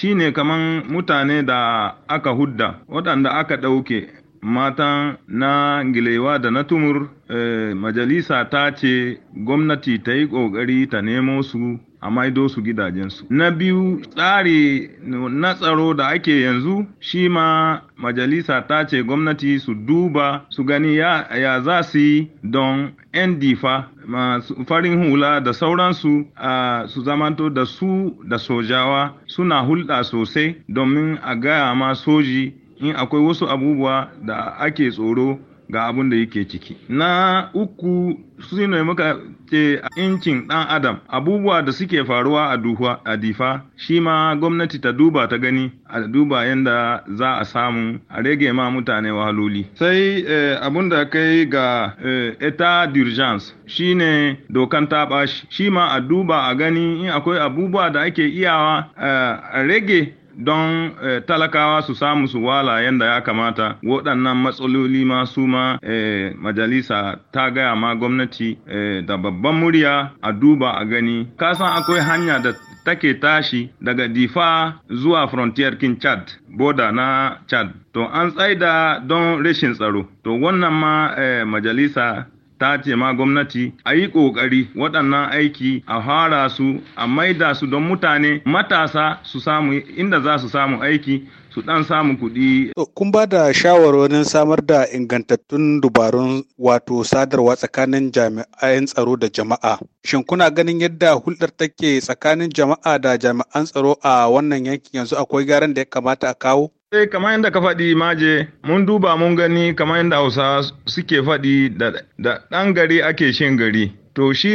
shi ne kaman mutane da aka hudda waɗanda aka ɗauke matan na Ngilewa da na Tumur e, majalisa ta ce gwamnati ta yi ƙoƙari ta nemo su a maido su gidajensu. Na biyu tsari na tsaro da ake yanzu shi ma majalisa ta ce gwamnati su duba su gani ya, ya za su yi don 'yan difa masu farin hula da sauransu uh, su zamanto da su da sojawa suna hulɗa sosai domin a gaya ma soji in akwai wasu abubuwa da ake tsoro ga abin da yake ciki. Na uku su ne muka ce incin ɗan adam abubuwa da suke faruwa a duhuwa a difa shi ma gwamnati ta duba ta gani a duba yadda za a samu a rage ma mutane wahaloli. Sai eh, da kai ga eh, eta d'urgence shi ne dokan taɓashi shi ma a duba a gani in akwai abubuwa da ake iyawa eh, a rage don eh, talakawa su samu su wala yadda ya kamata waɗannan matsaloli ma su ma eh, majalisa ta gaya ma gwamnati eh, da babban murya a duba a gani kasan akwai hanya da take tashi daga difa zuwa frontier kin chad boda na chad to an tsaida don rashin tsaro to wannan ma majalisa ta ce ma gwamnati a yi ƙoƙari waɗannan aiki a fara su a maida su don mutane matasa su samu inda za su samu aiki su ɗan samu kuɗi. Kun ba da shawarwarin samar da ingantattun dubarun wato sadarwa tsakanin jami'an tsaro da jama'a. Shin kuna ganin yadda hulɗar take tsakanin jama'a da jami'an tsaro a wannan yankin yanzu akwai gyaran da ya kamata a kawo? sai eh, kamar yadda ka faɗi maje mun duba mun gani kamar yadda Hausa suke faɗi da ɗan gari ake shin gari. To shi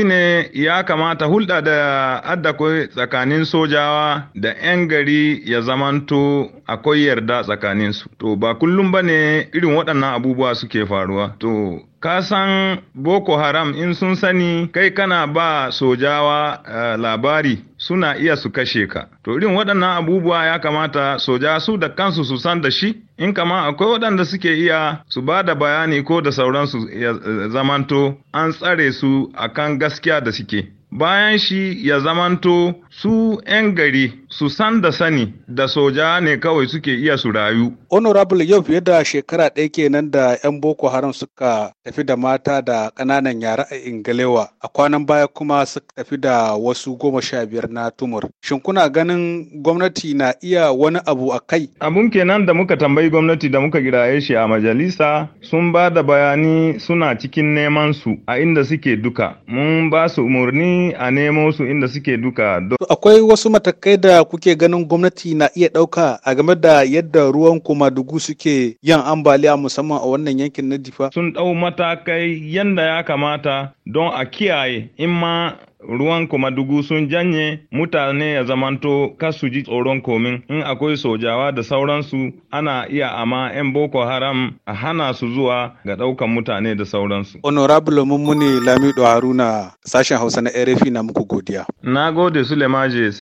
ya kamata hulɗa da kai tsakanin sojawa da 'yan gari ya zamanto akwai yarda tsakaninsu. To ba kullum ba ne irin waɗannan abubuwa suke faruwa. To ka san Boko Haram in sun sani kai kana ba sojawa uh, labari suna iya su kashe ka. To irin waɗannan abubuwa ya kamata soja su da kansu su san da shi, in kama akwai waɗanda suke iya su ba da bayani ko da sauransu ya zamanto an tsare su akan gaskiya da suke. Bayan shi ya zamanto su 'yan gari su san da sani da soja ne kawai suke iya su rayu. Honorable yau fiye da shekara ɗaya kenan da 'yan Boko Haram suka tafi da mata da ƙananan yara a Ingalewa a kwanan baya kuma suka tafi da wasu goma sha biyar na tumur. Shin kuna ganin gwamnati na iya wani abu a kai? Abun kenan da muka tambayi gwamnati da muka giraye shi a majalisa sun ba da bayani suna cikin neman su a inda suke duka. Mun ba su umarni a nemo su inda suke duka. Akwai wasu matakai da kuke ganin gwamnati na iya ɗauka a game da yadda ruwan Komadugu suke yin ambaliya musamman a wannan yankin na Difa? Sun ɗau matakai yadda ya kamata don a kiyaye in ma ruwan Komadugu sun janye mutane ya zamanto kasu ji tsoron komin in akwai sojawa da sauransu ana iya amma 'yan Boko Haram a hana su zuwa ga ɗaukan mutane da sauransu. Honorable Mummuni Lamido Haruna sashen Hausa na RFI na muku godiya. Na gode Sulemajes.